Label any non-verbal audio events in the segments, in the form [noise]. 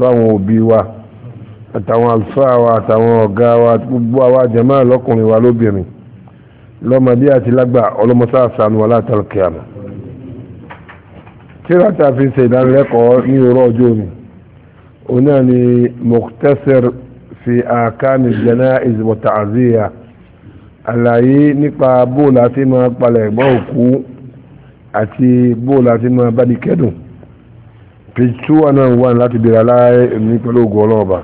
pẹ̀lú àwọn òbí wa àtàwọn àlùfáà wa àtàwọn ọ̀gá wa gbogbo àwa jàmáà lọ́kùnrin wa lóbìnrin lọ́mọdé àti lágbà ọlọ́mọsá àṣàánú wa látàrí kìámà tíra tá a fi ṣe ìdánilẹ́kọ̀ọ́ ní òró ọjọ́ òní òun náà ni muktasir fi àkámi janaiz wa ta'ziya àlàyé nípa bóòlù àti máa palẹ̀ ẹ̀gbọ́n òkú àti bóòlù àti máa bá ní kẹ́dùn page two one and one láti bèrè aláàrẹ ní pẹ̀lú ògùn ọlọ́ọ̀bà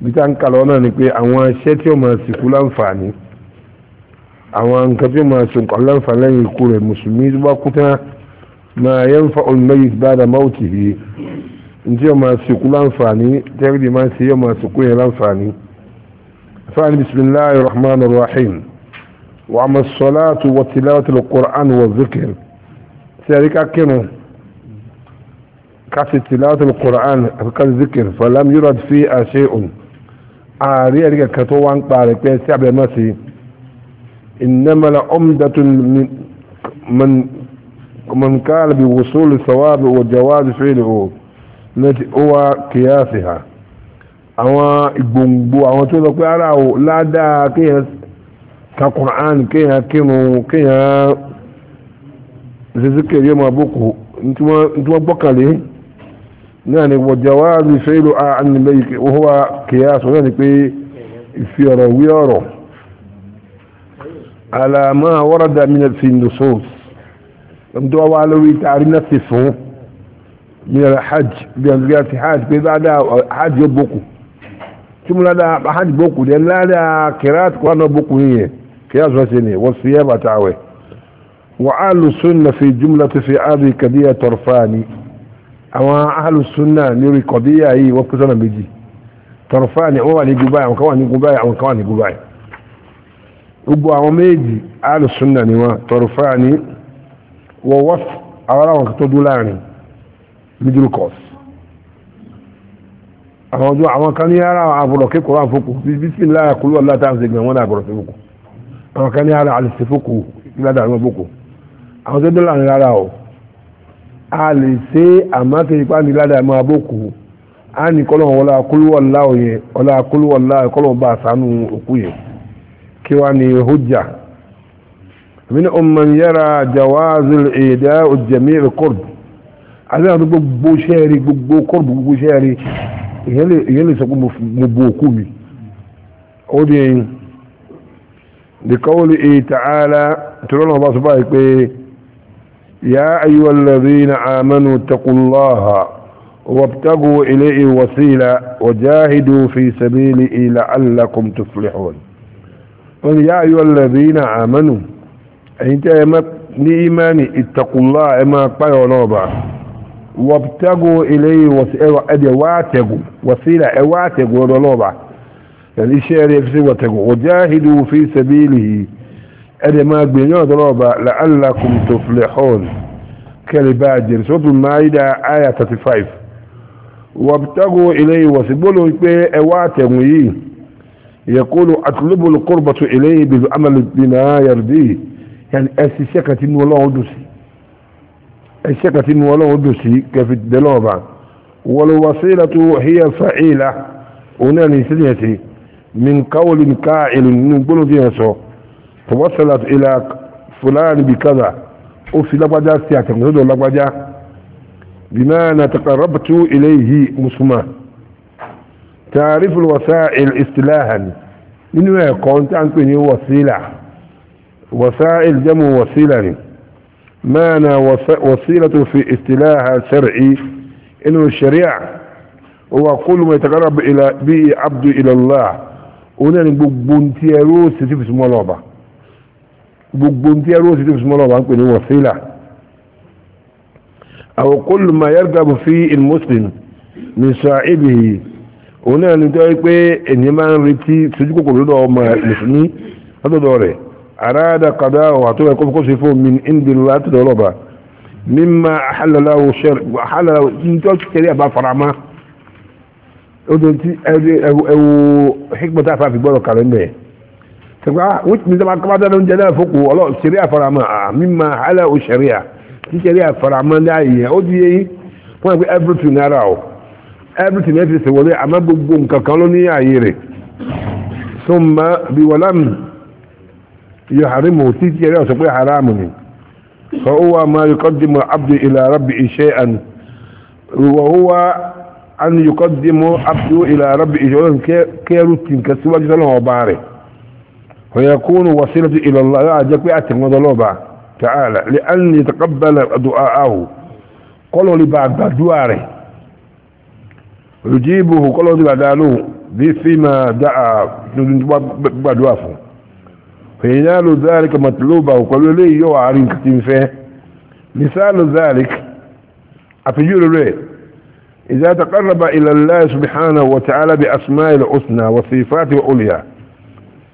bí tá ń kalọ̀ náà ni pé àwọn iṣẹ́ tí ó máa sìnkú láǹfààní àwọn nǹkan tí ó máa sìnkú láǹfààní lẹ́yìn ikú rẹ̀ mùsùlùmí tó bá kú tán máa yẹn fa olùmẹ́yìí ba'da mawtihi ntí ó máa sìnkú láǹfààní tẹ́rìdì máa ṣe yóò máa sìnkú yẹn láǹfààní. fáàní bisimilahi rahman rahim wàhámà sọláàtù wàtíláwàtì lọ́kùrán wà zikir tí kírun كاسي تلاوة القرآن كان ذكر فلم يرد فيها شيء عارية لك كتوان طارق بين سعب المسي إنما لعمدة من من من قال بوصول الثواب وجواز فعله التي هو قياسها àwọn ìgbòǹgbò àwọn tó lọ pé ara ò ládàá kíyàn ka Qur'an kíyàn kírun kíyàn zizikiri ọmọ àbúkù tí wọ́n gbọ́kànlé يعني وجواز فعل عن الميت وهو قياس يعني في يرى ويرى على ما ورد من في النصوص ندعو على تعرينا الصفه من الحج بيانات حاج بعد حاج يبوكو ثم لا حاج بوكو لان لا قراءات قران بوكو هي قياس وسني والصيام تعوي وعال السنه في جمله في هذه قضيه طرفاني àwọn alùsùnà lórí kọ̀díyà yìí wọ́n pín sọ́nà méjì tọrọfà ni wọ́n wà ní gúbáyì àwọn kan wà ní gúbáyì àwọn kan wà ní gúbáyì gbogbo àwọn méjì alùsùnà ni wọ́n tọrọfà ni wọ́n wọ́n àwọn àwọn kan tó dúró láàrin middle course àwọn ọjọ́ àwọn kan ní ara àbúrò kékeré àfọkù bísí ńlá àkúlù ọ̀la tá à ń sègbè wọn àbúrò fẹ́fọkù àwọn kan ní ara àlùsẹ̀fọkù ńlá dàrú ọ̀fọkù àwọn tó dúró láàrin rárá o a lè ṣe àmọ́ kejì pa ní ládàá máa bókù a ní kọ́lọ̀ wọn ọlá kólúwọ̀lá òye ọlá kólúwọ̀lá kọ́lọ̀ bá àṣánú òkú yẹn kí wá ní hujja min umman yara jawazul ida ojamiru kurd àti àwọn gbogbo sẹ́ẹ̀rí gbogbo kurd gbogbo sẹ́ẹ̀rí ìyẹn lè sọ pé mo bu òkú mi ó di ẹyin lè kọ́wọ́lì èyí ọba sọ báyìí pé يا أيها الذين آمنوا اتقوا الله وابتغوا إليه وسيلة وجاهدوا في سبيله لعلكم تفلحون يا أيها الذين آمنوا أنت إيماني اتقوا الله إما أكبر نوبا وابتغوا إليه وسيلة أيوة، واتقوا وسيلة أيوة، واتقوا ونوبة يعني شيء يفسي واتقوا وجاهدوا في سبيله ẹ̀dẹ̀ máa gbìyànjú ọ̀dọ́rọ̀ ọba la'allakum tuflihun kẹrìbá jẹ̀rì suratul Maida àyà 35 wabtagu ilayhi wọ̀sígbóló pé ẹwà àtẹ̀wọ̀n yìí yaqulu atlubu al-qurbata ilayhi bil amali bima yardi yẹn kàtí nu ọlọ́run dùn sí ẹ̀sìṣẹ́ kàtí nu ọlọ́run sí kẹfì dẹ́lọ́ ọba òun náà ní ìṣẹ́yẹ̀sì فوصلت إلى فلان بكذا أوفي لقبجا سياتي مزدو لقبجا بما أنا تقربت إليه مسمى تعرف الوسائل استلاها من كنت أنكني وسيلة وسائل جمع وسيلة معنى وسيلة في استلاها شرعي إنه الشريعة هو كل ما يتقرب إلى به عبد إلى الله ونبقى بنتيروس تفس ملوبة gbogbo tí ẹrú ó ti dìbò súnmọ́ lọ́wọ́ ń pè ní wọ̀sílà àwọn kólù ma fi in muslim ní sa'ibihi òun náà ní tọ́wọ́ pé ènìyàn máa ń retí sojú kòkòrò lọ́dọ̀ ọmọ mùsùlùmí lọ́dọ̀ rẹ̀ aráàdà kàdá ọ̀hà tó ẹ̀kọ́ fún fún min indi láti lọ́rọ̀ bá mímá àhàlàláwò ṣẹlẹ̀ tó kẹrẹ́ àbá farama ó ti ewu hikmata àfàfi gbọ́dọ̀ tẹgbà wọn ti sọ ma kọ́ bá dáná oúnjẹ náà fọ́kù ọlọ́ sẹ̀rí àfaramọ́ mímọ alẹ́ o sẹ̀rí à tí sẹ̀rí àfaramọ́ náà yẹ ó di yẹn wọn àgbẹ̀ everything ara o everything ẹ̀ fi sẹ̀ wọlé gbogbo nǹkan kan ló ní ààyè rẹ̀ sọmọ bí wọlá mi yọ harimu tí sẹ̀rí pé haramu ni sọ ó wà máa yọkọ́ di mọ abdu ilà rabbi iṣẹ́ àn wọ́n ó wà an yọkọ́ di mọ abdu ilà rabbi iṣẹ́ kẹ́rù tìǹkà síwájú sọ́nà ọba rẹ̀ ويكون وسيلة إلى الله جاك بأتك مضلوبة تعالى لأن يتقبل دعاءه قالوا لبعد دواره يجيبه قالوا لبعد فيما دعا بدوافه فينال ذلك مطلوبه قالوا لي يو عارين كتير فيه مثال ذلك أفجول ليه إذا تقرب إلى الله سبحانه وتعالى بأسماء الحسنى وصفاته العليا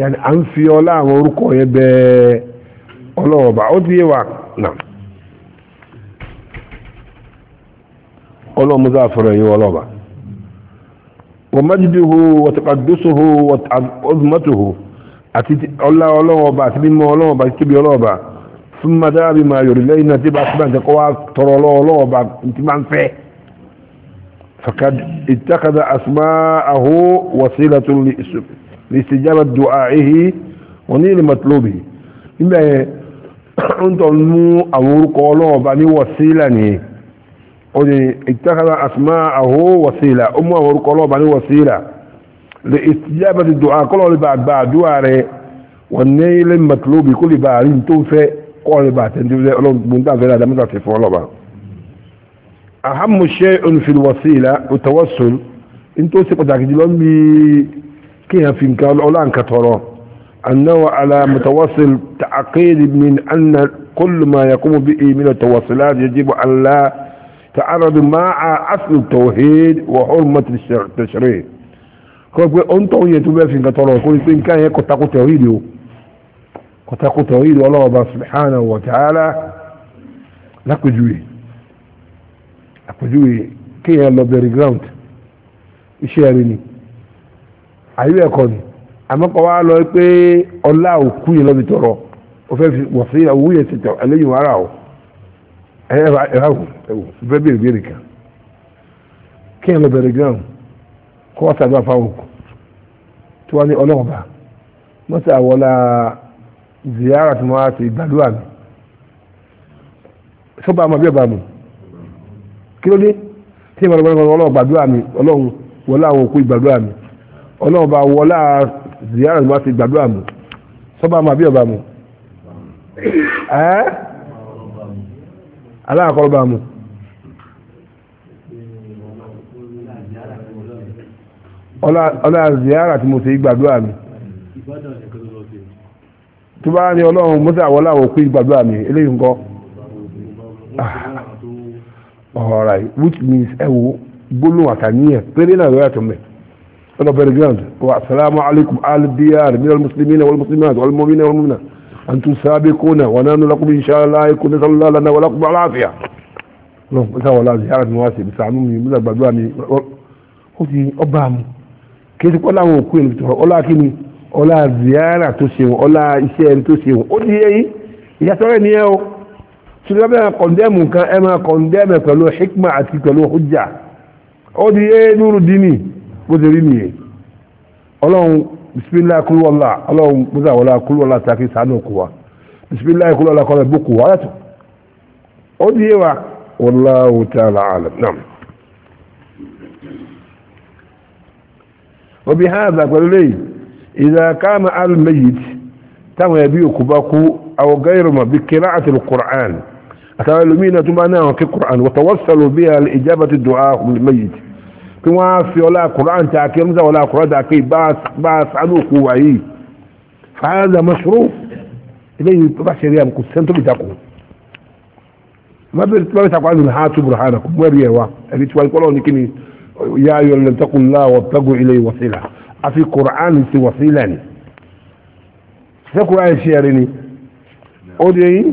yàni an fi ọlá àwọn orúkọ yẹn bẹ ọlọ́wọ́ba ó ti yé wa nà ọlọ́mọdé àfọlọ́ yìí ọlọ́ba wàmájúdúhu wàtàkàdúsùhu wàtàkàdúsùmọ́tòhu àti ọlá ọlọ́wọ́ba àti mímọ́ ọlọ́wọ́ba àti tóbi ọlọ́wọ́ba fún madáàbí máa yòrò lẹ́yìn náà tí bá wá tọrọ ọlọ́wọ́ba tí máa ń fẹ́ fakad لاستجابة دعائه ونيل مطلوبه إما أنت أنمو أمور قولوا بني وسيلة اتخذ أسماءه وسيلة أم أمور قولوا بني وسيلة لاستجابة الدعاء قولوا لبعد بعد دعاء والنيل المطلوب كل بعد توفي قولوا بعد تنتظر أولو بنتان فلا دمتا تفعلوا أهم شيء في الوسيلة التوسل انتو سيقدر جلوم كيها في مكان الأولان كتورو أنه على متواصل تعقيد من أن كل ما يقوم به من التواصلات يجب أن لا تعرض مع أصل التوحيد وحرمة التشريع كيف أنت يتبع في كتورو كل إن كان يكتاق توحيده كتاق توحيد الله سبحانه وتعالى lápèjúwe àpèjúwe kéèyàn lọ bẹ̀rẹ̀ ground iṣẹ́ rẹ̀ ni àyè ẹ̀kọ́ ni àmọ́kọ̀ wa lọ pé ọlá òkú yẹn lọ́bi tọrọ ó fẹ́ fi wọ̀ sí owó yẹn ti tọ̀ ẹlẹ́yìn wàrà o ẹ̀yẹ ẹ̀rá o ẹ̀wò fẹ́ bèrè bèrè kan kí ẹ̀ lọ bẹ̀rẹ̀ gíráùn kó wá sàdúrà fáwọn òkú tí wọ́n ní ọlọ́ọ̀bà mọ́tò àwọlá ziyara tí wọ́n á ti gbàdúrà mi sọ́ba àmọ́ bí ọba mi kí ló dé tí ìmọ̀lọ́gbọ́n ọlọ́ọ̀ gbàdúrà mi ọlọ́run wọlé àwọn òkú ìgbàdúrà mi ọlọ́ọ̀bá wọlá ziyara ló ti gbàdúrà mú sọ́bà ma bí ọba mú ẹ́ aláàkọ́lọ́bà mú ọlá ziyara ti mo ti gbàdúrà mi tó bá ní ọlọ́run mọ́sá wọlá òkú gbàdúrà mi eléyìí nǹkan ah. all right which means gbólóhùn àtàníyàn péré náà أنا برجاز والسلام عليكم أهل الديار من المسلمين والمسلمات والمؤمنين والمؤمنات أنتم سابقون ونحن لكم إن شاء الله يكون نسأل الله لنا ولكم العافية lọ́n pẹ́sà wọ́n láti yára mi wá sí ibùsà àánú mi múlẹ̀ gbàdúrà mi ó ti ọba mu kéde kọ́ láwọn òkú ẹ̀rù tọ̀rọ̀ ọlá kíni ọlá ziyara tó ṣe wọn ọlá iṣẹ́ ẹ̀rù tó ṣe wọn ó ti yẹ yìí ìyàtọ̀rẹ́ ni ẹ o ṣùgbọ́n bẹ́ẹ̀ kọ̀ndẹ́mù nǹkan ẹ máa kọ̀ndẹ́mù pẹ̀lú hikma àti pẹ̀lú hujja ó ti yẹ nuru dini bó ti rí nìyẹn ọlọ́run bisimilá kúlúwọ́lá ọlọ́run mọ́tà wọlá kúlúwọ́lá tàkì sànù kù wa bisimilá kúlúwọ́lá kọ́lá bó kù wa látò ó di yé wa wallahu ta'ala alam naam. wọ́n bí hàn àgbàgbọ́ lẹ́yìn إذا كان الميت تم يبيك باكو أو غير ما بقراءة القرآن أتعلمين تمانا في القرآن وتوصلوا بها لإجابة الدعاء للميت kí wọ́n á fi ọlá kùrán ta kí ọmọdé ọlá kùrán ta kí bá a sánú òkú wà yìí fàáza mọ́ṣúrù ilé yìí bá ṣe rí àmkù sẹ́ńtò bí takò mọ́bí tí wọ́n takò àdùn ha tó bùrọ̀ hànà kò mọ́ rí ẹ̀ wá ẹ̀rí tí wọ́n kọ́lọ́ ní kíni yá ayọ̀ lè takò wọ́n pẹ́gù ilé wọ́sílà àfi kùrán ti wọ́sílà ni sẹ́kùrán ṣe rí ni ó dé yìí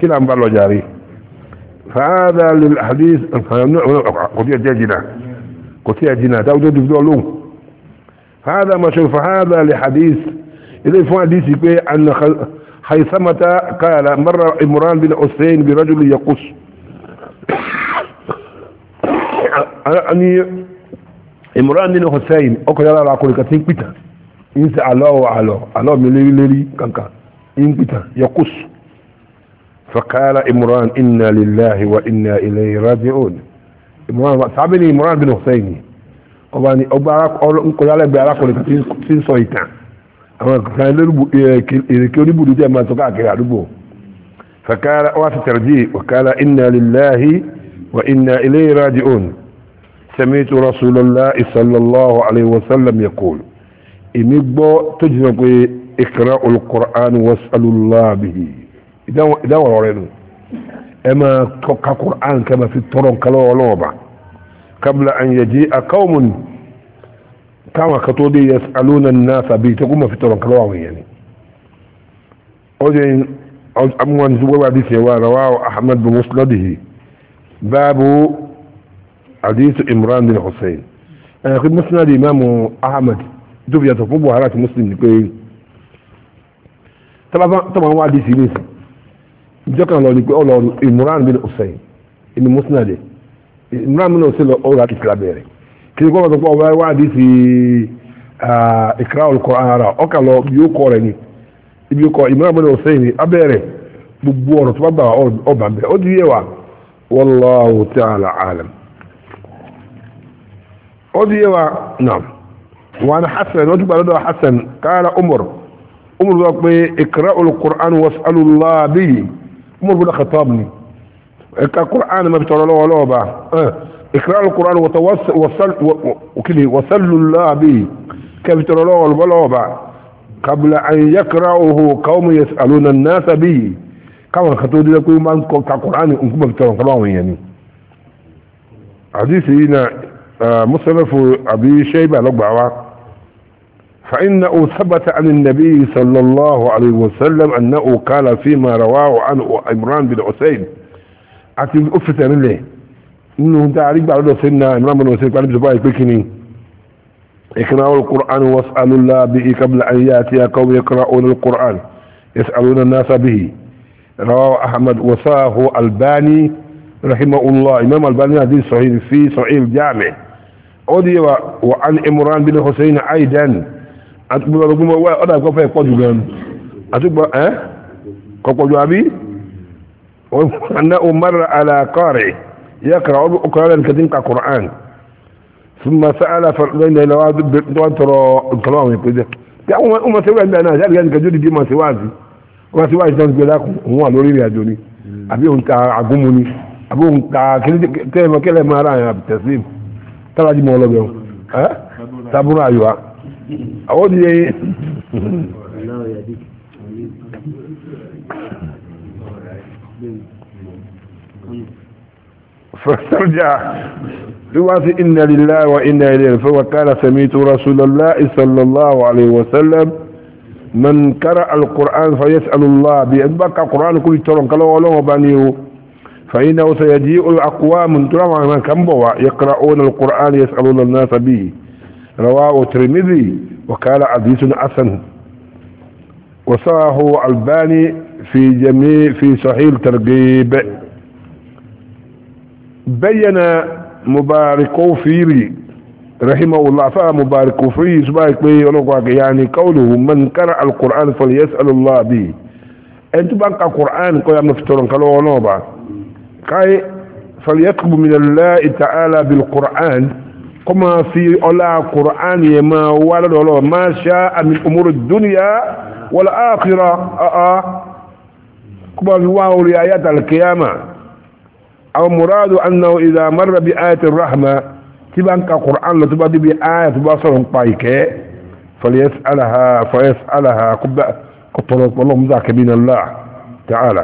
كلا مبالو جاري فهذا للحديث قطيع جينا قطيع جينا داود دبدولون هذا ما شوف هذا لحديث إذا فهو حديث أن خيثمة قال مر إمران بن حسين برجل يقص أني إمران بن حسين أقول الله أقول كتين بيتا إنسى الله الله الله ملي كان كان إن بيتا يقص فقال إمران إنا لله وإنا إليه راجعون إمران سابني إمران بن حسيني أباني أبارك أول أنكو يالي بارك ولك سين سويتان أما كان لربو إذكيو إيه، إيه، لربو دي ما سوكا كلا ربو فقال أواس ترجيه وقال إنا لله وإنا إليه راجعون سمعت رسول الله صلى الله عليه وسلم يقول إمبو تجنبي اقرأ القرآن واسأل الله به ìdáwọ̀rọ̀ rẹ̀ nù ẹ máa ka Qur'an kẹ́ máa fi tọrọ nǹkan lọ́wọ́ ọlọ́wọ́ bá kabla an yaji'a qawmun táwọn kan tó dé yas'aluna an-nasa bíi tó kó máa fi tọrọ nǹkan lọ́wọ́ àwọn èèyàn ni. ó dé amúwọn ní sùgbọ́n àdìsí ẹ̀wà rawahu Ahmad bin musnadihi báàbù àdìsí Imran bin Hussein ẹ̀yà pé musnad imaamu Ahmad tó fi yàtọ̀ fún Buhari àti Muslim ni pé tọ́ba wọn wá àdìsí nìyí ìjọkan lọ ni ọ imran bin hussein ibi musnade imran bin hussein lọ ọ̀rọ̀ àti ìkìlá bẹ̀rẹ̀ kí ni kó wọn sọ di ti ara ọkàn lọ bí ó kọ ni ibi ó kọ imran bin hussein abẹ́rẹ́ gbogbo ọ̀rọ̀ tó bá gbà ọba bẹ wa wallahu ta'ala alam hasan hasan umar umar pé ara عمر بن الخطاب ني القرآن ما بتقول له ولا با إيه. اقرأ القرآن وتوصل وصل وكله وصل الله به كيف بتقول له ولا با قبل أن يقرأه قوم يسألون الناس به كما خطوة دي لكي ما نقول القرآن انكم بتقول كلام يعني حديث هنا آه، مصنف أبي شيبة لقبعوا فإنه ثبت عن النبي صلى الله عليه وسلم أنه قال فيما رواه عن عمران بن عسين أتي أفت منه إنه دا عليك بعد سيدنا عمران بن عسين قال بزبائي بكني اقرأوا القرآن واسألوا الله به قبل أن يأتي قوم يقرأون القرآن يسألون الناس به رواه أحمد وصاه الباني رحمه الله إمام الباني هذه صحيح في صحيح الجامع أودي وعن عمران بن حسين أيضا àtúgbò ọgbọ́n mọ́ ọ̀dà ìkọ́ fẹ́ pọ̀ jù gan àtúgbò ẹ́ kọ̀pọ̀ jù àbí ọ̀nà umar alakọ́rẹ̀ yẹ kàrà ọkùnrin rẹ̀ nìkan tí ń ka Qur'an fún ma sáàlà fẹ́rẹ̀ lẹ́yìn lọ́wọ́ wọ́n tọrọ nǹkan àwọn ìpínlẹ̀ tí àwọn ọmọ sí wáyé náà jáde nǹkan jóde bí màsí wáàzí wọ́n sí wáyé náà gbé lákùn òun wà lórí ìrìn àjò ni àbí òun ta agúnmu ni àyàn àbìtẹ̀sí tábàjì mọ́ ọlọ́gbẹ̀rún tábúrò àyọ̀wá àwọn òdìyẹ فاسترجع رواسي إن لله وإنا إليه فقال سميت رسول الله صلى الله عليه وسلم من قرأ القرآن فيسأل الله بأن بقى القرآن كل ترون قالوا ولو بانيه فإنه سيجيء الأقوام ترى من كم يقرؤون القرآن يسألون الناس به رواه الترمذي وقال حديث حسن وصاه الباني في جميع في صحيح الترغيب بين مبارك فيري رحمه الله فا مبارك فيه سبايك بي يعني قوله من قرأ القرآن فليسأل الله به انت بانك القرآن كو يعمل فتورن كالو كاي فليطلب من الله تعالى بالقرآن kọmọ fi ọlá kùrán yẹ ma wà lọ́dọ̀ọ́lọ́ ma ṣá àmì òmúrò dúnìyà wọ́lá áàkìrọ ọ̀ọ́ ah, ah. kọmọ fi wá orí ayat alkiyama àwọn mùrádù annáwó ìdá marar bí ayatul rahma tí bá ń ka kùrán lọ tó bá débi ayat tó bá sọ̀rọ̀ ń pa ìkẹ́ fàlẹ́s alaha fàlẹ́s alaha kọtọrọ ta'ala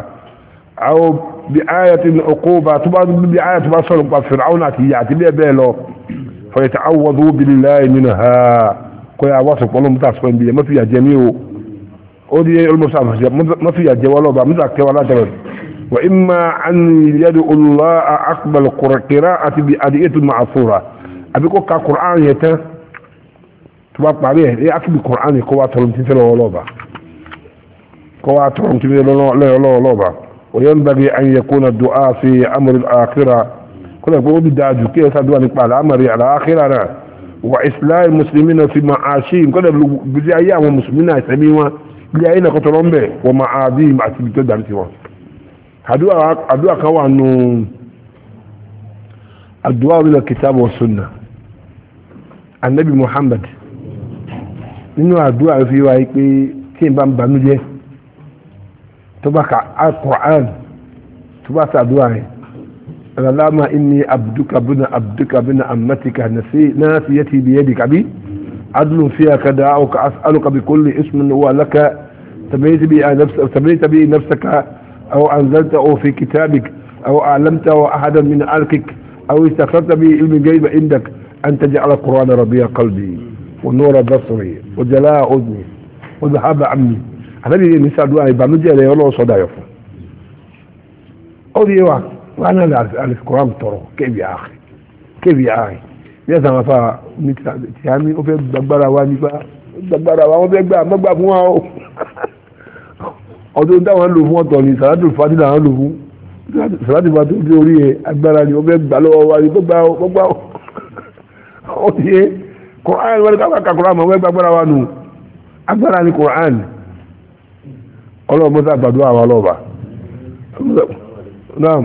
àwọn bí ayat ọkọ̀ bá tó ayat tó bá pa fìràwọn àti ìyà àti bẹ́ẹ̀ bẹ́ẹ̀ فيتعوذوا بالله منها كويا واسق ولو متاسقين بي ما فيها جميع أودي المصاب ما فيها جوالو ما ذاك ولا جوال وإما أن يدعو الله أقبل قراءة بأدئية المعصورة أبيكو كقرآن يتا تبقى عليه إيه أكبر قرآن يقوى ترمتين تلو لوبا قوى ترمتين تلو لوبا وينبغي أن يكون الدعاء في أمر الآخرة kọ́lá pé ó bí dáa jù kí ẹ sádùá nípa àlámọ̀rí àlàáhírà náà wà islam musulmi náà fi máa ṣe nǹkan dẹ̀ bí ayé àwọn musulmi náà ìsẹ̀mí wọn bí ayé náà kọ́tọ̀rọ̀ ń bẹ̀ wọ́n máa bí àti ibi tó dàbí tiwọn. àdúrà kan wà nù àdúrà orílẹ̀ kìtàbù sunna anabi muhammad nínú àdúrà rẹ̀ fi wáyé pé kí n bá ń banújẹ́ tó bá ka al tó bá sàdúrà rẹ̀ اللهم إني عبدك بن عبدك بن أمتك نسي ناسيتي بيدك أبي عدل فيها كدعوك أسألك بكل اسم هو لك سميت به نفسك, سميت نفسك أو أنزلته في كتابك أو أعلمته أحدا من ألكك أو استخرت به علم جيب عندك أن تجعل القرآن ربيع قلبي ونور بصري وجلاء أذني وذهاب عمي هذه اللي نسأل دعاء يبقى نجي إليه والله أو دي واحد wọ́n á alìkòrán tọrọ kébì ààrẹ kébì ààrẹ bí ẹ̀sán wọn fà ní tìhámi ó fẹ́ gbàgbára wa nípa gbàgbára wa wọ́n fẹ́ gbà mọ́gbà fún wa o ọdún táwọn lò fún ọ̀tọ̀ ni sàlátù fati làwọn lò fún sàlátù fati ó dé orí ẹ̀ agbára ni wọ́n fẹ́ gbà lọ́wọ́ wa ni gbọ́gbà gbọ́gbà ó ti yẹ kòrán wọn ká kàkòrán mọ̀ wọ́n gbàgbára wa nù agbára ni kòrán ọlọ́mọ́sá gbàdúrà wa lọ́ba. Naam.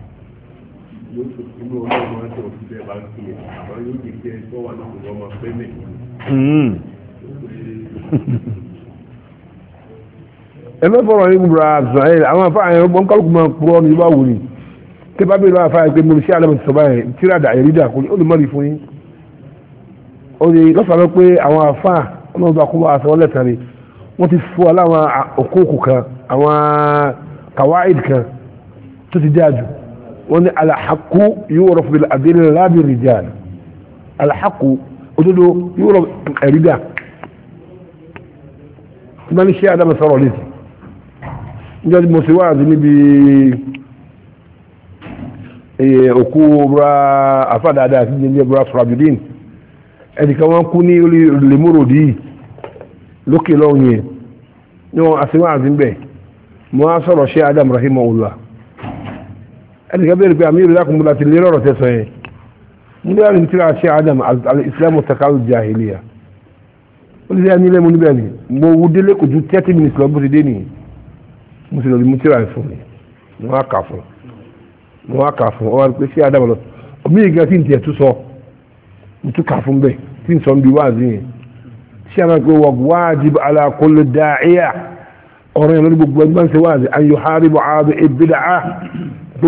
yóò tó inú ọlọ́run máa tẹ̀ òfin bẹ́ẹ̀ bá ń pè é àmọ́ yóò lè jẹ́ tó wà ní ìwọ ọmọ pẹ́mẹ̀. ẹ mẹ́ fọ̀rọ̀ ní gbùgbùrà Israel àwọn afá àyẹ̀wò gbọ́n kálukú máa kúrọ́ ní ibà wò ni tí bá bèèrè àfáà pé mo ṣe àlẹ́mọ̀ sọ̀bá yẹn tíra dà èrí dà kúrò ó lè mọ́rí fún yín ó lè lọ́sàánú pé àwọn afáà ọlọ́run bá kó wá aṣọ lẹ́tàn ni wọ́n ti fún wa láwọn kan àwọn kàwáìd kan tó ti dáa jù wọ́n ní alhaku yóò rọ̀ fún abdul labi rijal alhaku òdodo yóò rọ̀ ẹ̀rídà tí wọ́n ní ṣe adama sọ̀rọ̀ létí níjọ́ tí mo ṣe wá àti níbi òkú bra afádáadáa àti jẹjẹ bra surabudin ẹnìkan wọn kú ní lemurodi lókè lọ́wọ́ yẹn ní wọn àṣewá àti ń bẹ̀ mo á sọ̀rọ̀ ṣe adam rahimahullah ẹni ká bẹ̀rẹ̀ pé àmì ìrìlá kùn múlá ti lérò ọ̀rọ̀ tẹ́sọ yẹn múlá ní tíra ṣe adam islam takal jahiliya ó ti sẹ́ ẹni lẹ́mu níbẹ̀ ni mo wú délé kò ju thirty minutes lọ bó ti dé nìyí mo sì lọ mú tíra fún mi mo wá kà fún mo wá kà fún ọ wá pé ṣé adam lọ omi ìgbà tí n tiẹ̀ tún sọ mo tún kà fún bẹ́ẹ̀ tí n sọ bí wá sí yẹn ṣé àwọn pé wọ́n wájib ala kulli ọ̀rọ̀ yẹn lórí gbogbo ẹgbẹ́ ń ṣe wáàzì an yuharibu ààbò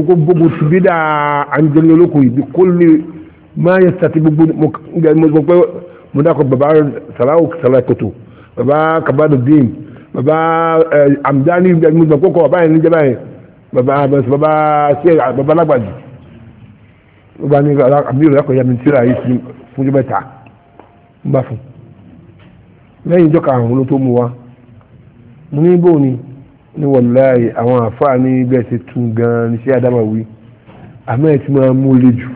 gbogbo gbogbo ti bí dáa àǹjẹ̀lì olóko yìí bí kò lè máa yẹ sàtì gbogbo mo pẹ́ mo dákọ̀ baba salawu salakoto baba kabadu dim baba amdani mo sọ kókó baba yẹn níjẹba yẹn baba baba se baba lagbaju baba ni àbí ìrọ̀lẹ́ kọjá mi tíra yìí sí fún jọba ta n bá fún lẹ́yìn ìjọ mu wa mo ní bóun ní wàláyé àwọn àfáà ní bẹ́ẹ̀ ti tún gan ní sí adamawi àmọ́ ẹ̀ ti máa mú lé jù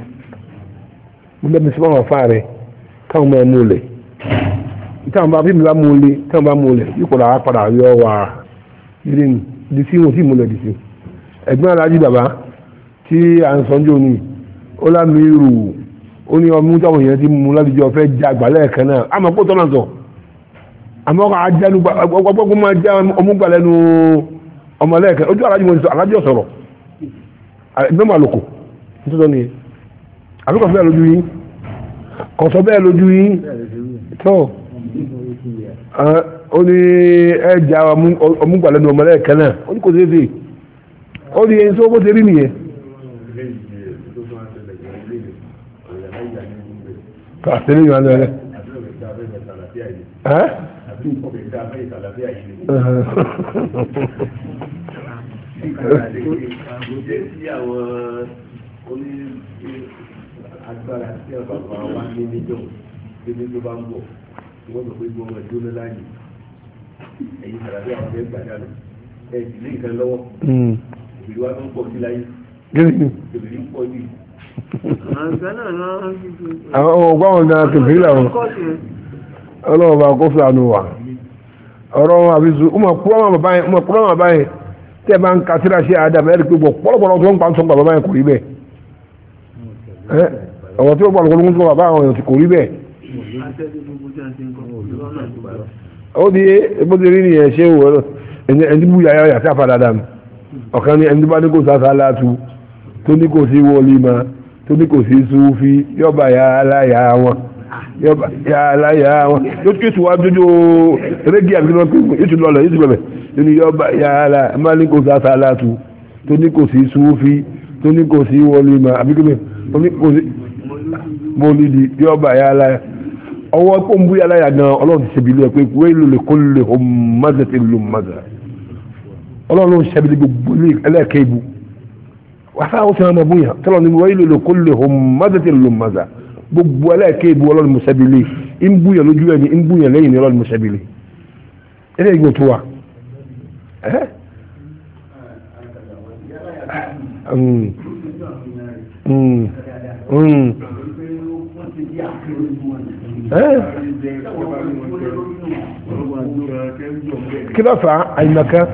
mo lẹ́bi sí àwọn àfáà rẹ̀ káwọn máa mú lẹ̀ táwọn bá bí mi bá mú lé táwọn bá mú lẹ̀ yóò kọ̀ làwọn padà yọ wà ilé nù di sí wọn tí mo lẹ̀ di sí ẹ̀gbọ́n alájí bàbá tí à ń sọ́njọ́ ni ó lámì rù ó ní ọmú táwọn èèyàn ti mú lábìjọ fẹ́ jàgbá lẹ́ẹ̀kan náà àmọ́ pò tọ́nà sọ̀rọ̀ àmọ́ ọkọ̀ ajánu ọgbọ́gbọ́n máa já ọmúgbàlẹ́nu ọmọlẹ́ẹ̀kẹ́ ojú alájú mo ti sọ alájú ọ̀sọ̀rọ̀ ìgbẹ́mọ̀ àlòkò nítorí ni àlòkọ̀ bẹ́ẹ̀ lójú yín kọ̀sọ́ bẹ́ẹ̀ lójú yín tó ó ní ẹja ọmúgbàlẹ́nu ọmọlẹ́ẹ̀kẹ́ náà ó ní kò sí èsì ó ní ẹni tí ó bó ti rí nìyẹn. àtẹlẹ́yìn alẹ́ alẹ́ agbára tí ọ̀pọ̀lọpọ̀ àwọn wá ní níjọ́ níbi tó bá ń bọ̀ wọ́n lọ pé gbọ́n ẹ̀dún lọ́la yìí ẹ̀yin sàlàbí àwọn ọ̀gá ẹgbàá dànù ẹ̀ sì ní nǹkan lọ́wọ́ hmm. ìbìlú wa tó ń pọ̀ sí láyé ìbìlú ń pọ̀ sí. àwọn ọgbà wọn gan-an kò bí làwọn ọlọ́wọ́ bá kó fìlànà wà ọ̀rọ̀ wọn àbí zu ọmọ kúrọ́ wọn bàbá yẹn ọmọ kúrọ́ wọn bàbá yẹn tẹ́ ẹ bá ń katira sí àdàmú ẹ̀rí pé pọ̀lọpọ̀lọ tó ń pa ń sọ́kọ̀ bàbá yẹn kò rí bẹ́ẹ̀ ọ̀rọ̀ tí ó pọ̀ lọ́kọ̀ ló ń sọ́kọ̀ bàbá yẹn kò rí bẹ́ẹ̀. ó di ebóde rí nìyẹn ṣé wò ó ẹni bú yàrá yàtí àfàdàdà mi ọ̀kan ni ẹni bá ní kò sáfà látu tó ní kò sí wọlé ma tó ní kò sí súfì yọ̀bà yàrá yàrá wọn yàrá yàrá wọn yóò tún ètò wa dojú régi àbí kíni wọn pè é ètò lọlọ ètò bẹbẹ nínú yọba yàrá má ní kò sí asálàtú tó ní kò sí sufi tó ní kò sí wọlímà àbí kíni tó ní kò sí mọlìdì yọba yàrá ọwọ́ pọ́ńbú yàrá yàrá gan ọlọ́run ti ṣẹbi ilé ẹ pé wẹ́ẹ́ lòlẹ̀ kó lè hó mazà ti lò mazà ọlọ́run ṣẹbi gbogbo ilé ẹlẹ́ẹ̀kẹ́ ibu wàhálà ó ti hàn ọmọ bóyá tọ́lọ́ ni wẹ́ẹ́ lòlẹ̀ kó lè hó mazà ti lò mazà gbogbo ẹlẹ́ẹ̀kẹ́ ìbú ọlọ́run mùsẹ́bìlì ń búyàn lójú ẹ̀ ní ń búyàn lẹ́yìn ní ọlọ́run mùsẹ́bìlì ẹ̀rẹ́ ìgbò tó wà. Hmm. Hmm. Hmm. kí ló fà á àyìnbàkan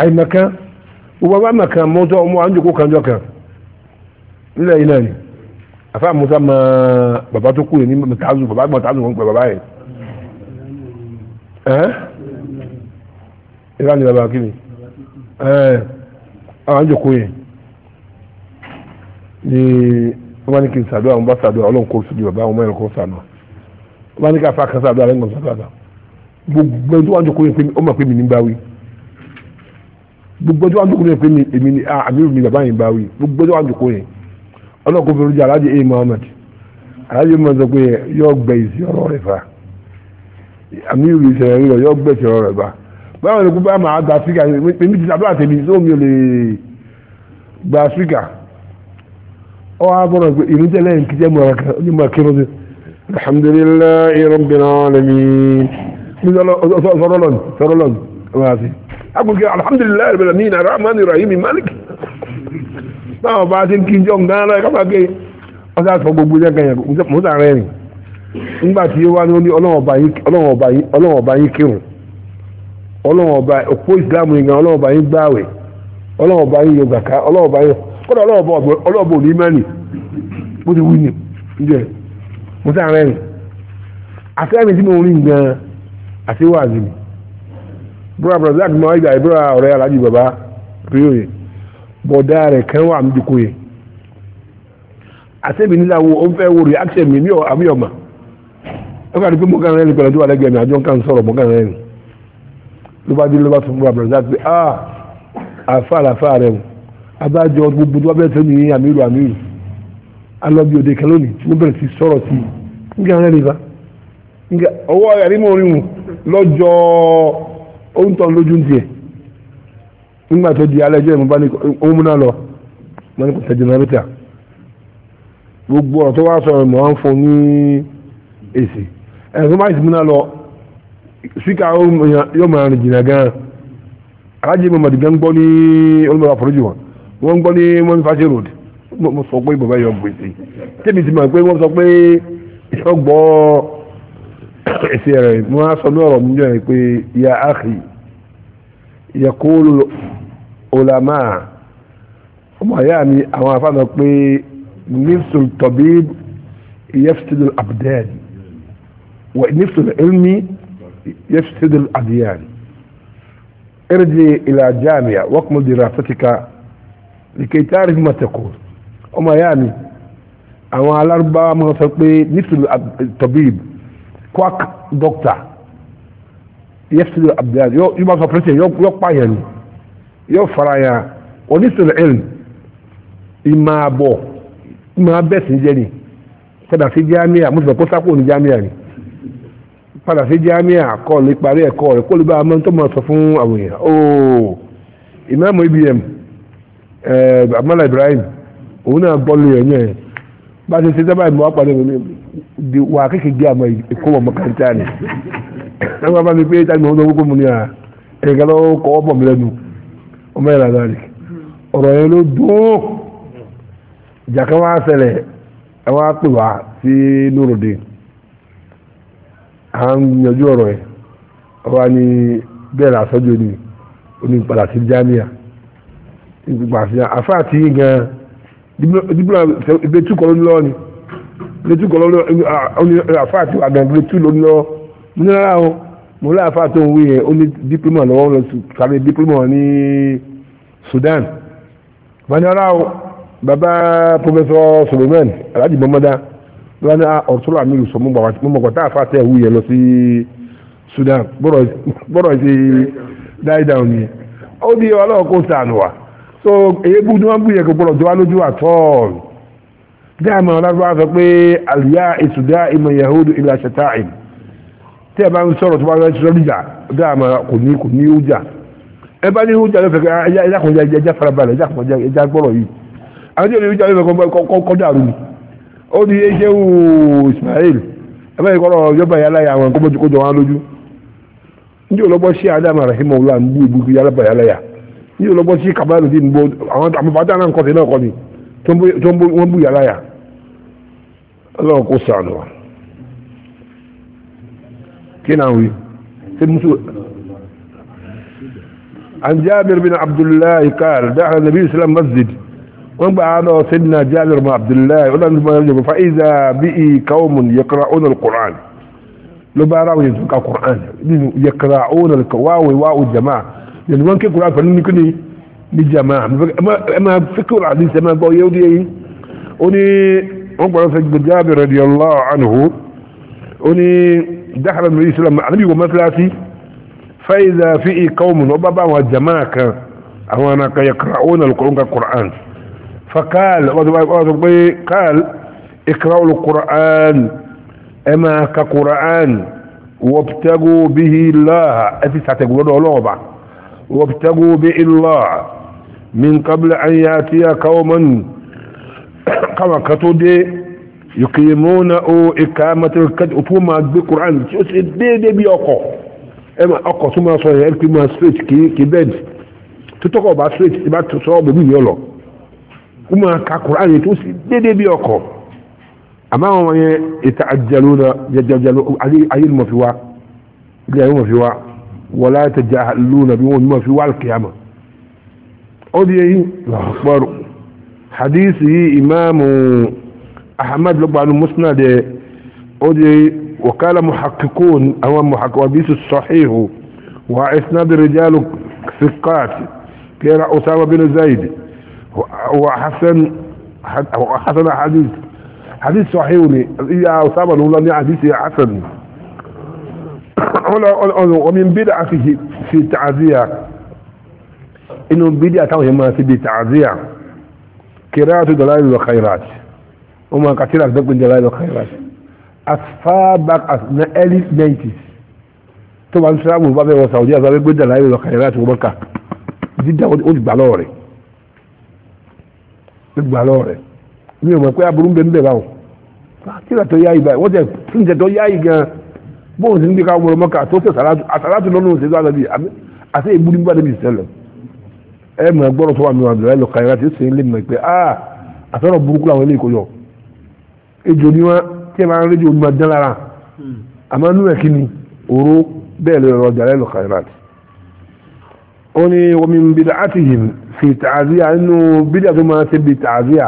àyìnbàkan wọ́n wá màkàn mọ́tò ọmọ àńjòkó kanjọ́ kan nílẹ̀ yìí náà ni afa musa ma baba tó kú ní mọ̀tàzù baba mọ̀tàzù wọn pẹ̀ baba yẹn ẹ́ ìlànà baba kí ni ẹ́ àwọn jòkó yẹn ní wọ́n bá ní kí n sàdúrà wọ́n bá sàdúrà ọlọ́run kó sojú baba wọn mẹ́rin kó sànù wọ́n bá ní kí afa kan sàdúrà lẹ́yìn kan sàdúrà gbogbo ẹni tó wọn jòkó yẹn ó mọ̀ pé mi ní báwí gbogbo ẹni tó wọn jòkó yẹn pé mi èmi ni àmì mi baba yẹn báwí gbogbo ẹni tó wọn jòkó yẹn ọlọ́kùn fún ojú aláàjì a muhammad aláàjì mọ̀ sọ pé yóò gbẹ ìsì ọ̀rọ̀ rẹ̀ fa àmì ìlú ìṣẹ̀lẹ̀ rírọ̀ yóò gbẹ ìṣẹ̀lẹ̀ ọ̀rọ̀ rẹ̀ fa báwo ni kú bá máa gba síkà èmi ti sàdúrà tèmi tó mi ò lè gba síkà ọ wá bọ̀rọ̀ pé ìlú tẹ́lẹ̀ ń kíjẹ́ mọ̀ ọ̀rọ̀ ní mọ̀ kírun sí alhamdulilayi rabbil alamin sọ̀rọ̀ lọ́nù sọ̀rọ̀ lọ́nù alhamdulilayi rabbil alamin arahman irahim malik báwọn bá ti ń kí jọ ǹgán lọ́yẹ̀ kápá pé wọ́n sá sọ gbogbo jẹ́ kan yẹn mú sàárẹ̀ rìn nígbà tí wọ́n ní ọlọ́wọ̀n ọba yín kírun ọba òpó ìsìlámù yìí gan ọba yín ọba yín ká ọba yín ọba òní mẹ́rin ti wí ni rìn tí mo rí gan àti búra bọ̀dá rẹ̀ kan wà nídìkú yẹn àtẹ́bí nílá wo ó ń fẹ́ wo reaction mi ní àmì ọ̀mà ó kà ní pé mọ́gàn rẹ̀ ní pẹ̀lú àdúrà lẹ́gbẹ̀ẹ́ mi àjọ ń kàn sọ̀rọ̀ mọ́gàn rẹ̀ ni ló bá dé ló bá sọ fún abdul razak pé a ah, àfa àlàfà rẹ̀ o abájọ gbogbo tó bá bẹ̀rẹ̀ sẹ́nu yìí àmì ìlú àmì ìlú alọ́bí òde kan lónìí tí bẹ̀rẹ̀ sí sọ̀rọ̀ sí i mọ́gàn rẹ̀ nípa ọwọ́ àrímọ̀ orin lọ́jọ́ ó ń nígbà tó di alẹ́ jẹ́ ìmúbá ní òun múná lọ wọ́n ní kò tẹ̀ jẹnẹrétà gbogbo ọ̀rọ̀ tó wá sọ̀rọ̀ mọ̀ ń fún ní èsì ẹ̀sùn bá ìsìnkú náà lọ síkà yóò máa rìn jìnnà gan alájẹ mọ̀mọ́dé gan gbọ́ ní olùmọ̀lá àforíjì wọn wọ́n gbọ́ ní wọ́n fàṣẹ road mo sọ pé bàbá yọ gbèsè tẹ́bi ti mọ̀ pé wọ́n sọ pé ìṣọ́ gbọ́ èsì rẹ̀ wọ́n á sọ ní ọ̀rọ̀ mi jọ yẹn pé ya akhi yaqulu ulama ọmọ àyà mi àwọn afáàmọ pé nífṣul tabib yafsidul abdan wa nífṣul ilmi yafsidul adiyan ارجع الى جامعة واكمل دراستك لكي تعرف ما تقول اما يعني اما الاربعة مغسطي مثل الطبيب كواك دكتور يفسد الابدان يو يو ما يو يو يعني yóò fara ya onísòlè ẹ̀rìn ìmọ̀ àbọ̀ ìmọ̀ abẹ́sìn jẹ́ ni padà sí jámíà mo sọ pé sápò ní jámíà ni padà sí jámíà kọ́ lè parí ẹ̀kọ́ rẹ̀ kó lè bá ọmọ tó máa sọ fún àwọn èèyàn ooo ìmáàmù ibm amala ibrahim òun náà gbọ́ lè ẹ̀yìn ẹ̀ bá a ṣe ṣe dábàá ìmọ̀ apàdé mi di wà kékeré gé àmọ́ èkó wọn mọ́kàntá ni ẹ wá bá mi pé táyì mọ́ ọdún gbogbo mu ni à ẹ̀ka lọ́wọ́ kọ́ bọ̀ mi lẹ́nu ọmọ ìlà dàrí ọ̀rọ̀ yẹn ló dùn ìjàkan wá ṣẹlẹ̀ ẹ wá pè wá sí lóòròdè à ń yanjú ọ̀rọ̀ ẹ̀ ọba ní bẹ́ẹ̀ làásọ́jọ́ ni onípadà sí jámíà ìgbà àfihàn àfáà tí gan dípò ìgbẹ́tù kọ́ lónìí lọ́wọ́ ni ìgbẹ́tù kọ́ lónìí àfáà tí wà gan ìgbẹ́tù lónìí lọ́wọ́ mo ní rárá mo láàfáà tó ń wí yẹn ó ní dípímọ̀ lọ́wọ́ lọ kàrí dípímọ̀ ní Sudan vanara baba pọfẹsọ Solomon alhaji bọmọdá wọn ní ah, ọtúrọ amiru sọ mo mọ̀kọ́ tá àfáà tẹ̀ wí yẹn lọ sí Sudan bọ́rọ̀ ṣe die down yẹn ó di ọlọ́wọ́ kó sànù wa so èébú ni wọ́n bú yẹn kó gbọ́dọ̀ jọ wá lójú àtọ́ọ̀lù dáàmú ọlọ́dún sọ pé àlùyá ìsùdá ìmọ̀ yahudu tí ẹ bá ń sọ̀rọ̀ tó bá ń sọ̀rọ̀ níjà dáàmà kò ní kò ní ojà ẹ bá ní ojà lọ́fẹ̀ẹ́ ẹjá kan jẹ ẹjá farabalẹ̀ ẹjá kan jẹ ẹjá gbọ́rọ̀ yìí àwọn tí ò ní ojà lọ́fẹ̀ẹ́ kọ́ dàrú ni ó ní wò Ismail ẹ bá yẹ kọ́ yọba yàrá yà wọn wọn lójú olóbọ́ sí adama ń bú yàrá yàrá yà olóbọ́ sí kí náà wí عن جابر بن عبد الله قال دعا النبي صلى الله عليه وسلم مسجد وبعد سيدنا جابر بن عبد الله فإذا بي قوم يقرؤون القرآن لبارا يزكى القرآن يقرؤون القواوي واو الجماعة يعني وين كيقرأ فلن كني للجماعة ما فكر الحديث ما بقى يودي أني عمر سيدنا جابر رضي الله عنه أني دخل النبي صلى الله عليه وسلم النبي ومثلاتي فإذا في قوم وبابا وجماعة أوانا يقرؤون القرآن القرآن فقال قال اقرأوا القرآن أما كقرآن وابتغوا به الله أتسعة تقول لعبة وابتغوا به الله من قبل أن يأتي قوما كما كتودي yukimuna o ikamata kad o fún ma gbé quran tí ó ṣe déédéé bí ọkọ̀ ẹ ma ọkọ̀ tó máa sọ yẹn kí máa straight kì kì bẹ́ẹ̀dì tó tọkọ̀ bá straight tí bá sọ ọ́ bòmí yọ lọ ó máa ka quran yẹn tó ṣe déédéé bí ọkọ̀ àmọ́ àwọn ọmọ yẹn ìta àjẹlú na jẹjẹjẹlú ayé ni mo fi wá ilé ayé mo fi wá wọlá ìtajà lù na bí wọn ni fi wá kìámà ó di yẹn yìí hadisi yìí أحمد لقب المسند أودي وقال محققون أو محقق وبيس الصحيح وإسناد الرجال ثقات كان أسامة بن زيد وحسن وحسن حديث حديث صحيح لي يا أسامة لولا يا حديث يا حسن ومن بدعته في التعزية إنه بدعته في التعزية كراهة دلائل الخيرات ọmọ katira gbẹ́gbẹ́ jẹ́ láìlọ kairat as far back as the early 90s tó bá ń sọ àwọn olùbáfẹ́ wọn Saudi Arabia gbẹ́gbẹ́ jẹ́ láìlọ kairat ọmọ ká dídá ó ti gbà lọ́wọ́ rẹ̀ ó ti gbà lọ́wọ́ rẹ̀ mi ò mọ̀ pé aburú ń bẹ ń bẹ báwọn katira ah, tó yáyì báyìí wọ́n tẹ̀ fún ìjẹ́ tó yáyì gan bóun sì ń gbé káwọn ọmọ ká tó ṣe àsàlátù lọ́nà òṣèlú àdàbí àti ìbúdí bá dẹ́bi ìṣẹ̀lẹ̀ ẹ mọ̀ gbọ́dọ̀ tó wà mí wà lọ́ọ́ kairat ó sì ń lé mi pé ah àtọ́rọ̀ burúkú làwọn eléyìí kò yọ ejò ni wọn tí ẹ máa ń rédíò ní ọdún lára hmm. àmọ́ inú ẹ̀ kí ni òru bẹ́ẹ̀ lè rọ ọjà lẹ́nu kairat ó ní omi bídà á ti yìn fi tààzíà nínú bídà tó máa ṣe bí tààzíà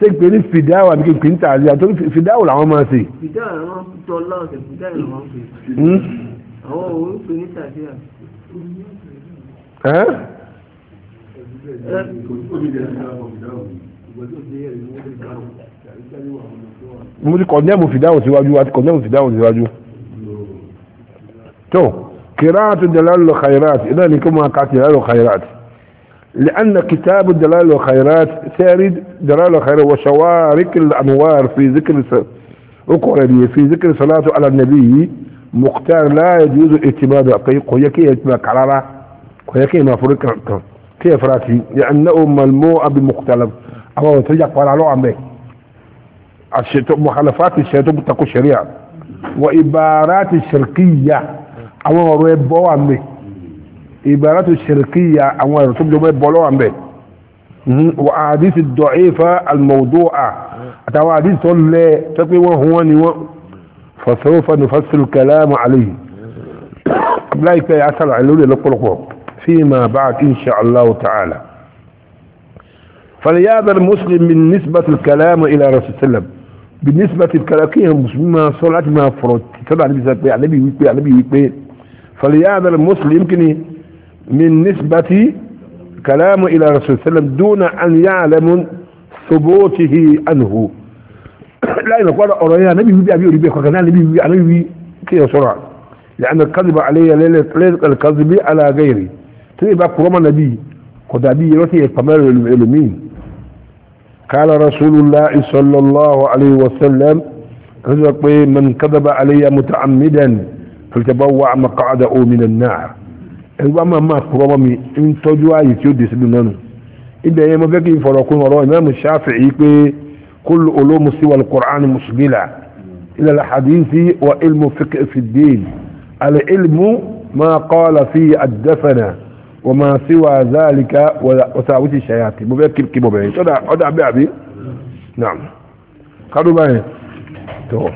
ṣé ìpè ní fìdáwà ní ìpè ní tààzíà tó ní fìdáwà làwọn máa ṣe. fìdáwà làwọn tọ́ láwọn ṣe fìdáwà làwọn ṣe. àwọn òun pè ní tààzíà mo ti kọ̀ndẹ́mù fìdáhùn síwájú àti kọ̀ndẹ́mù fìdáhùn síwájú tó kìráàtù dalalu idan ni kuma ka dalalu لأن كتاب دلال والخيرات سارد دلال الخيرات وشوارك الأنوار في ذكر أقربي في ذكر صلاة على النبي مختار لا يجوز اعتماد قيكي اتباع قرارة كي ما فرق كي راتي لأنه ملموء بمختلف أو تجاك ولا لو عمي الشيطان مخالفات الشيطان بتقو شريعة وإبارات الشرقية أما روية بوا إبارات الشرقية أما رسول جمعي بولو عمي وأحاديث الضعيفة الموضوعة أتوا حديث تقول تقوي وهو فسوف نفصل الكلام عليه لايك يسأل علولي لقلقه فيما بعد إن شاء الله تعالى فليابر المسلم من نسبة الكلام إلى رسول الله بالنسبة لكراكيهم مسلمة صلاة ما فرط تبع النبي صلى النبي ويكبي النبي ويكبي فليعمل المسلم يمكن من نسبة كلامه إلى رسول الله وسلم دون أن يعلم ثبوته عنه [coughs] لا يقول أرأيها نبي ويبي أبي أريبي وكذا نبي ويبي أنا ويبي كي يسرع لأن الكذب علي ليس الكذب على غيري تبقى كرم النبي قد أبي يرثي يقمر العلمين قال رسول الله صلى الله عليه وسلم رزقي من كذب علي متعمدا فلتبوع مقعده من النار وما ما قرومي ان توجو اي تي دي ان ده ما بقي فروكون ورو امام الشافعي كل علوم سوى القران مسجله الى الحديث وعلم فقه في الدين العلم ما قال فيه الدفنه وما سوى ذلك وساوس الشياطين بو كيف كيف بو بي ادا ادا بي نعم قالوا باين تو